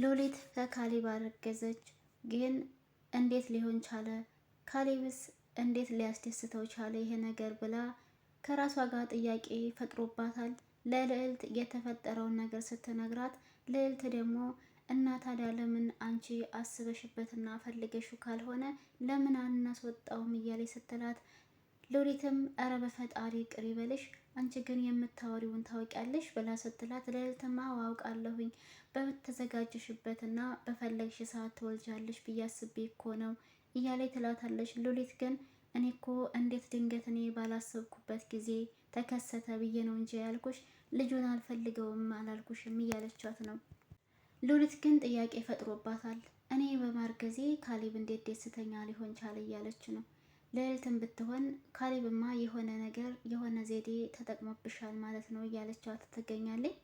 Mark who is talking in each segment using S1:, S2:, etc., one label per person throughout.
S1: ሎሊት ከካሌብ አረገዘች። ግን እንዴት ሊሆን ቻለ? ካሌብስ እንዴት ሊያስደስተው ቻለ ይሄ ነገር ብላ ከራሷ ጋር ጥያቄ ፈጥሮባታል። ለልዕልት የተፈጠረውን ነገር ስትነግራት ልዕልት ደግሞ እና ታዲያ ለምን አንቺ አስበሽበትና ፈልገሹ ካልሆነ ለምን አናስወጣውም እያለች ስትላት ሉሊትም እረ በፈጣሪ ቅሪ በልሽ አንቺ ግን የምታወሪውን ታውቂያለሽ ብላ ስትላት ለልትማ አውቃለሁኝ በተዘጋጀሽበት እና በፈለግሽ ሰዓት ትወልጃለሽ ብዬ አስቤ እኮ ነው እያለች ትላታለች። ሉሊት ግን እኔ እኮ እንዴት ድንገት እኔ ባላሰብኩበት ጊዜ ተከሰተ ብዬ ነው እንጂ ያልኩሽ ልጁን አልፈልገውም አላልኩሽም እያለቻት ነው። ሉሊት ግን ጥያቄ ፈጥሮባታል። እኔ በማርገዜ ካሌብ እንዴት ደስተኛ ሊሆን ቻለ እያለች ነው። ሉሊትን ብትሆን ካሌብማ የሆነ ነገር የሆነ ዘዴ ተጠቅሞብሻል ማለት ነው እያለቻት ትገኛለች።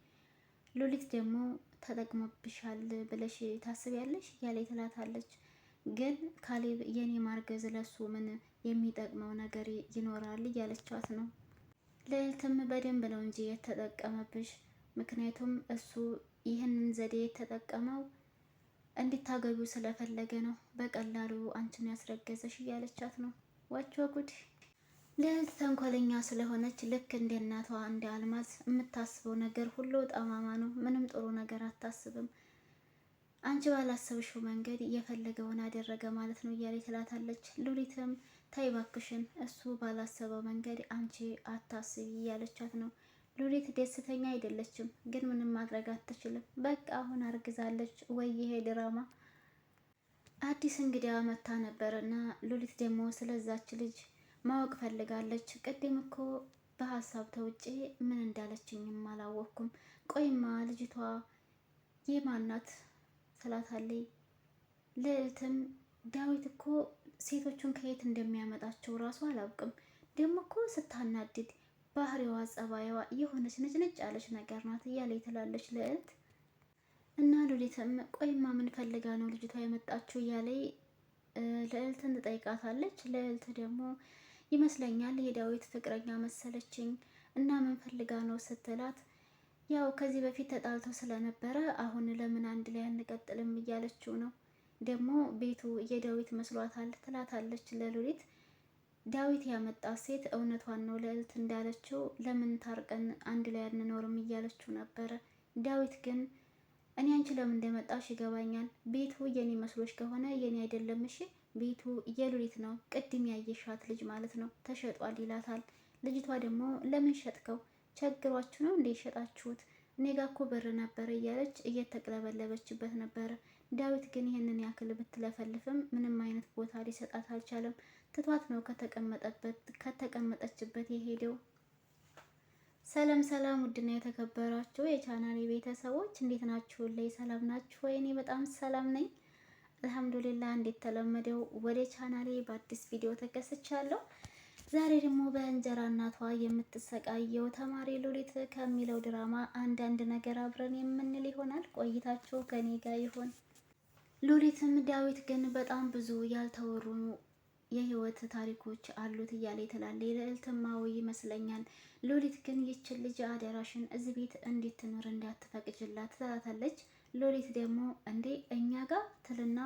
S1: ሉሊት ደግሞ ተጠቅሞብሻል ብለሽ ታስቢያለሽ እያለች ትላታለች። ግን ካሌብ የኔ ማርገዝ ለሱ ምን የሚጠቅመው ነገር ይኖራል እያለቻት ነው። ሉሊትም በደንብ ነው እንጂ የተጠቀመብሽ፣ ምክንያቱም እሱ ይህንን ዘዴ የተጠቀመው እንድታገቢው ስለፈለገ ነው፣ በቀላሉ አንቺን ያስረገዘሽ እያለቻት ነው። ዋቸው ጉድ! ልዕልት ተንኮለኛ ስለሆነች ልክ እንደ እናቷ እንደ አልማዝ የምታስበው ነገር ሁሉ ጠማማ ነው። ምንም ጥሩ ነገር አታስብም። አንቺ ባላሰብሽው መንገድ እየፈለገውን አደረገ ማለት ነው እያለ ትላታለች። ሉሊትም ታይባክሽን እባክሽን እሱ ባላሰበው መንገድ አንቺ አታስቢ እያለቻት ነው። ሉሊት ደስተኛ አይደለችም፣ ግን ምንም ማድረግ አትችልም። በቃ አሁን አርግዛለች ወይ ይሄ ድራማ አዲስ እንግዳ መታ እና ሉሊት ደግሞ ስለዛች ልጅ ማወቅ ፈልጋለች። ቅድም እኮ በሀሳብ ተውጬ ምን እንዳለችኝም አላወቅኩም። ቆይማ ልጅቷ የማናት ስላታለይ ልዕልትም ዳዊት እኮ ሴቶቹን ከየት እንደሚያመጣቸው እራሱ አላውቅም። ደግሞ እኮ ስታናድድ ባህሪዋ፣ ጸባይዋ የሆነች ነጭ ያለች ነገር ናት እያለ ትላለች ልዕልት እና ሉሊትም ቆይማ ምን ፈልጋ ነው ልጅቷ የመጣችው እያለ ልዕልትን ትጠይቃታለች። ልዕልት ደግሞ ይመስለኛል የዳዊት ፍቅረኛ መሰለችኝ እና ምን ፈልጋ ነው ስትላት ያው ከዚህ በፊት ተጣልተው ስለነበረ አሁን ለምን አንድ ላይ አንቀጥልም እያለችው ነው። ደግሞ ቤቱ የዳዊት መስሏታል ትላታለች ለሉሊት። ዳዊት ያመጣት ሴት እውነቷን ነው ልዕልት እንዳለችው ለምን ታርቀን አንድ ላይ አንኖርም እያለችው ነበረ ዳዊት ግን እኔ አንቺ ለምን እንደመጣሽ ይገባኛል። ቤቱ የኔ መስሎሽ ከሆነ የኔ አይደለም። እሺ ቤቱ የሉሊት ነው፣ ቅድም ያየሻት ልጅ ማለት ነው። ተሸጧል ይላታል። ልጅቷ ደግሞ ለምን ሸጥከው? ቸግሯችሁ ነው እንዴ ሸጣችሁት? እኔ ጋ እኮ ብር ነበር እያለች እየተቅለበለበችበት ነበር። ዳዊት ግን ይህንን ያክል ብትለፈልፍም ምንም አይነት ቦታ ሊሰጣት አልቻለም። ትቷት ነው ከተቀመጠበት ከተቀመጠችበት የሄደው። ሰላም ሰላም፣ ውድና የተከበራችሁ የቻናል ቤተሰቦች እንዴት ናችሁ? ላይ ሰላም ናችሁ ወይ? እኔ በጣም ሰላም ነኝ እንዴት ተለመደው ወደ ቻናሌ በአዲስ ቪዲዮ ተከስቻለሁ። ዛሬ ደግሞ በእንጀራ እናቷ የምትሰቃየው ተማሪ ሉሊት ከሚለው ድራማ አንዳንድ ነገር አብረን የምንል ይሆናል። ቆይታችሁ ከኔ ጋር ይሆን። ሉሊትም ዳዊት ግን በጣም ብዙ ያልተወሩ የህይወት ታሪኮች አሉት እያለ ትላለ የልዕልትማዊ ይመስለኛል። ሎሊት ግን ይችን ልጅ አደራሽን እዚህ ቤት እንድትኖር እንዳትፈቅጅላት ትላታለች። ሎሊት ደግሞ እንዴ እኛ ጋር ትልና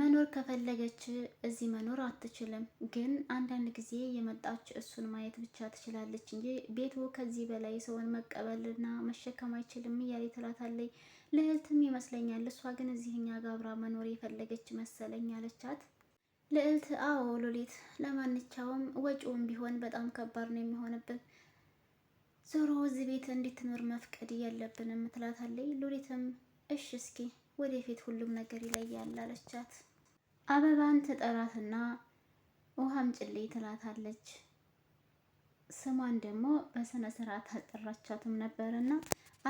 S1: መኖር ከፈለገች እዚህ መኖር አትችልም፣ ግን አንዳንድ ጊዜ የመጣች እሱን ማየት ብቻ ትችላለች እንጂ ቤቱ ከዚህ በላይ ሰውን መቀበልና መሸከም አይችልም እያለ ትላታለች። ልዕልትም ይመስለኛል እሷ ግን እዚህ እኛ ጋር አብራ መኖር የፈለገች መሰለኝ አለቻት። ልዕልት አዎ ሉሊት፣ ለማንኛውም ወጪውም ቢሆን በጣም ከባድ ነው የሚሆንብን። ዞሮ እዚህ ቤት እንድትኖር መፍቀድ እያለብንም ትላታለች። ሉሊትም እሽ እስኪ ወደፊት ሁሉም ነገር ይለያል አለቻት። አበባን ትጠራትና ውሃም ጭልይ ትላታለች። ስሟን ደግሞ በስነ ስርዓት አልጠራቻትም ነበርና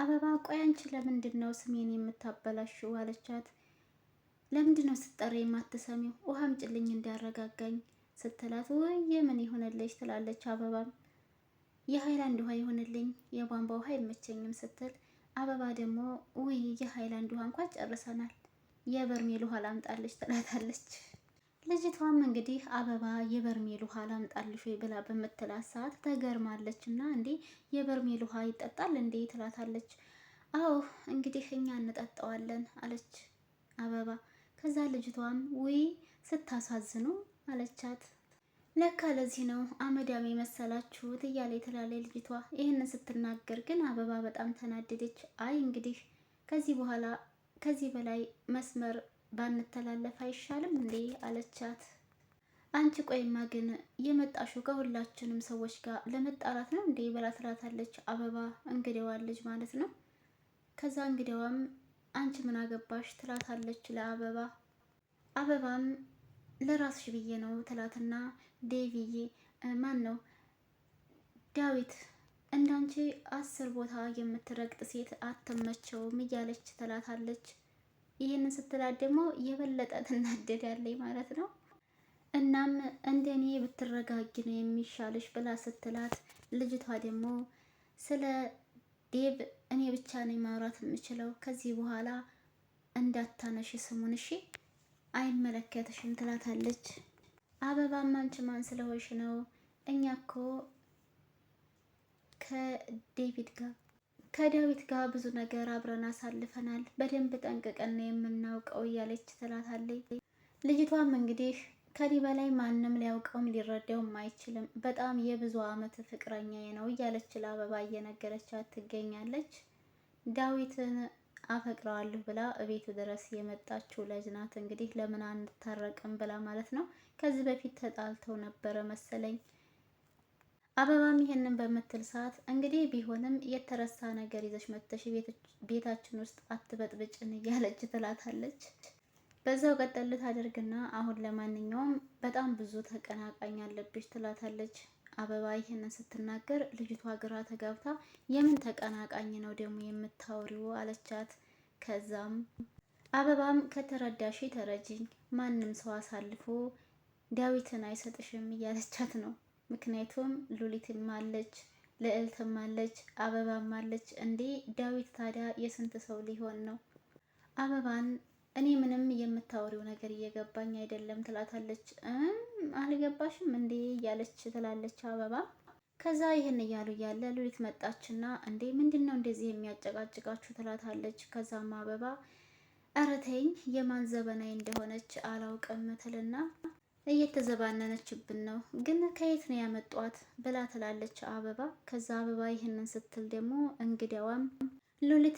S1: አበባ ቆይ አንቺ ለምንድን ነው ስሜን የምታበላሽው? አለቻት። ለምንድን ነው ስትጠራ የማትሰሚው? ውሃም ጭልኝ እንዲያረጋጋኝ ስትላት ወይ ምን ይሆንልሽ ትላለች። አበባም የሀይላንድ ውሃ ይሆንልኝ የቧንቧ ውሃ አይመቸኝም ስትል አበባ ደግሞ ውይ የሀይላንድ ውሃ እንኳን ጨርሰናል የበርሜል ውሃ ላምጣልሽ ትላታለች። ልጅቷም እንግዲህ አበባ የበርሜል ውሃ ላምጣልሽ ብላ በምትላት ሰዓት ተገርማለች እና እንዴ የበርሜል ውሃ ይጠጣል እንዴ ትላታለች። አዎ እንግዲህ እኛ እንጠጣዋለን አለች አበባ ከዛ ልጅቷም ውይ ስታሳዝኑ አለቻት። ለካ ለዚህ ነው አመዳም የመሰላችሁት እያለ የተላለ ልጅቷ ይህንን ስትናገር ግን አበባ በጣም ተናደደች። አይ እንግዲህ ከዚህ በኋላ ከዚህ በላይ መስመር ባንተላለፍ አይሻልም እንዴ አለቻት። አንቺ ቆይማ ግን የመጣሽው ከሁላችንም ሰዎች ጋር ለመጣራት ነው እንዴ ብላ ትላታለች። አበባ እንግዲዋ ልጅ ማለት ነው። ከዛ እንግዳዋም አንቺ ምን አገባሽ ትላታለች ለአበባ። አበባም ለራስሽ ብዬ ነው ትላትና ዴቪዬ ማን ነው ዳዊት እንዳንቺ አስር ቦታ የምትረግጥ ሴት አትመቸውም እያለች ትላታለች። ይህንን ስትላት ደግሞ የበለጠ ትናደዳለች ማለት ነው። እናም እንደኔ ብትረጋጊ ነው የሚሻልሽ ብላ ስትላት ልጅቷ ደግሞ ስለ ዴቭ እኔ ብቻ ነኝ ማውራት የምችለው ከዚህ በኋላ እንዳታነሽ ስሙን እሺ፣ አይመለከትሽም ትላታለች። አበባም አንቺ ማን ስለሆንሽ ነው? እኛ እኮ ከዴቪድ ጋር ከዳዊት ጋር ብዙ ነገር አብረን አሳልፈናል። በደንብ ጠንቅቀን የምናውቀው እያለች ትላታለች። ልጅቷም እንግዲህ ከዲህ በላይ ማንም ሊያውቀውም ሊረዳውም አይችልም። በጣም የብዙ አመት ፍቅረኛዬ ነው እያለች ለአበባ እየነገረቻት ትገኛለች። ዳዊትን አፈቅረዋለሁ ብላ እቤት ድረስ የመጣችው ልጅ ናት። እንግዲህ ለምን አንታረቅም ብላ ማለት ነው። ከዚህ በፊት ተጣልተው ነበረ መሰለኝ። አበባም ይሄንን በምትል ሰዓት እንግዲህ ቢሆንም የተረሳ ነገር ይዘሽ መጥተሽ ቤታችን ውስጥ አትበጥብጭን እያለች ትላታለች። በዛው ቀጠል ታደርግና አሁን ለማንኛውም በጣም ብዙ ተቀናቃኝ አለብሽ ትላታለች አበባ። ይህንን ስትናገር ልጅቷ ግራ ተጋብታ የምን ተቀናቃኝ ነው ደግሞ የምታወሪው አለቻት። ከዛም አበባም ከተረዳሽ ተረጂኝ፣ ማንም ሰው አሳልፎ ዳዊትን አይሰጥሽም እያለቻት ነው። ምክንያቱም ሉሊትም አለች፣ ልዕልትም አለች፣ አበባም አለች። እንዴ ዳዊት ታዲያ የስንት ሰው ሊሆን ነው? አበባን እኔ ምንም የምታወሪው ነገር እየገባኝ አይደለም ትላታለች። አልገባሽም እንዴ እያለች ትላለች አበባ። ከዛ ይህን እያሉ እያለ ሉሊት መጣችና እንዴ ምንድን ነው እንደዚህ የሚያጨቃጭቃችሁ ትላታለች። ከዛም አበባ ኧረ ተይኝ የማን ዘበናይ እንደሆነች አላውቅም ትልና እየተዘባነነችብን ነው ግን ከየት ነው ያመጧት ብላ ትላለች አበባ። ከዛ አበባ ይህንን ስትል ደግሞ እንግዲያዋም ሉሊት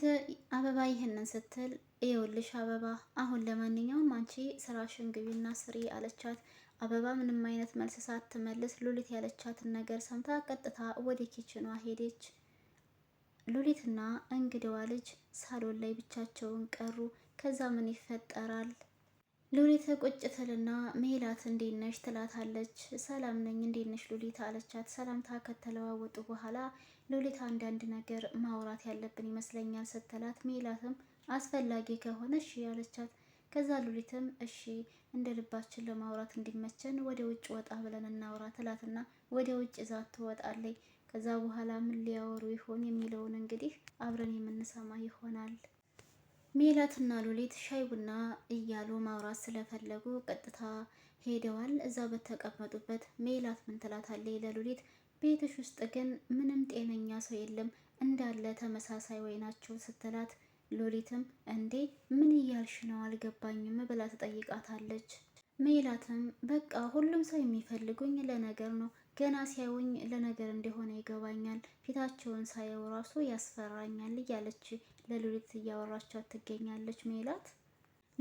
S1: አበባ ይህንን ስትል ይኸውልሽ አበባ አሁን ለማንኛውም አንቺ ስራሽን ግቢና ስሪ አለቻት። አበባ ምንም አይነት መልስ ሳትመልስ ሉሊት ያለቻትን ነገር ሰምታ ቀጥታ ወደ ኪችኗ ሄደች። ሉሊትና እንግዳዋ ልጅ ሳሎን ላይ ብቻቸውን ቀሩ። ከዛ ምን ይፈጠራል? ሉሊት ቁጭ ትልና ሜላት እንዴት ነሽ ትላታለች። ሰላም ነኝ እንዴት ነሽ ሉሊት አለቻት። ሰላምታ ከተለዋወጡ በኋላ ሉሊት አንዳንድ ነገር ማውራት ያለብን ይመስለኛል ስትላት፣ ሜላትም አስፈላጊ ከሆነ እሺ ያለቻት። ከዛ ሉሊትም እሺ እንደ ልባችን ለማውራት እንዲመቸን ወደ ውጭ ወጣ ብለን እናውራ ትላትና ወደ ውጭ ዛት ትወጣለች። ከዛ በኋላ ምን ሊያወሩ ይሆን የሚለውን እንግዲህ አብረን የምንሰማ ይሆናል። ሜላትና ሉሊት ሻይ ቡና እያሉ ማውራት ስለፈለጉ ቀጥታ ሄደዋል። እዛ በተቀመጡበት ሜላት ምን ትላታለች ለሉሊት ቤትሽ ውስጥ ግን ምንም ጤነኛ ሰው የለም እንዳለ ተመሳሳይ ወይ ናቸው ስትላት፣ ሎሊትም እንዴ ምን እያልሽ ነው አልገባኝም ብላ ትጠይቃታለች። ሜላትም በቃ ሁሉም ሰው የሚፈልጉኝ ለነገር ነው ገና ሲያዩኝ ለነገር እንደሆነ ይገባኛል። ፊታቸውን ሳየው ራሱ ያስፈራኛል እያለች ለሉሊት እያወራቻት ትገኛለች ሜላት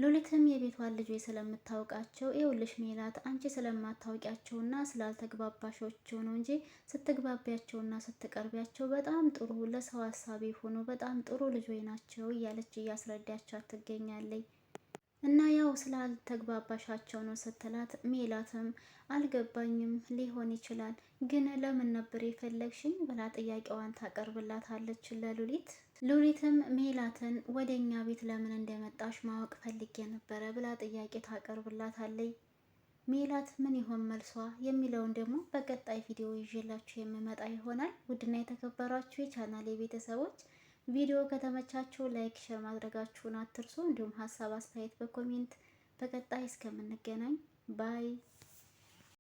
S1: ሉሊትም የቤቷን ልጆች ስለምታውቃቸው ይኸውልሽ ሜላት አንቺ ስለማታውቂያቸውና ስላልተግባባሾቸው ነው እንጂ ስትግባቢያቸውና ስትቀርቢያቸው በጣም ጥሩ ለሰው ሀሳቢ ሆኖ በጣም ጥሩ ልጆች ናቸው እያለች እያስረዳቸው ትገኛለች። እና ያው ስላልተግባባሻቸው ነው ስትላት፣ ሜላትም አልገባኝም ሊሆን ይችላል ግን ለምን ነበር የፈለግሽኝ ብላ ጥያቄዋን ታቀርብላታለች ለሉሊት ሉሊትም ሜላትን ወደ እኛ ቤት ለምን እንደመጣሽ ማወቅ ፈልጌ ነበረ ብላ ጥያቄ ታቀርብላታለች። ሜላት ምን ይሆን መልሷ የሚለውን ደግሞ በቀጣይ ቪዲዮ ይዤላችሁ የምመጣ ይሆናል። ውድና የተከበራችሁ የቻናሌ ቤተሰቦች ቪዲዮ ከተመቻችሁ ላይክ፣ ሸር ማድረጋችሁን አትርሱ። እንዲሁም ሀሳብ አስተያየት በኮሜንት በቀጣይ እስከምንገናኝ ባይ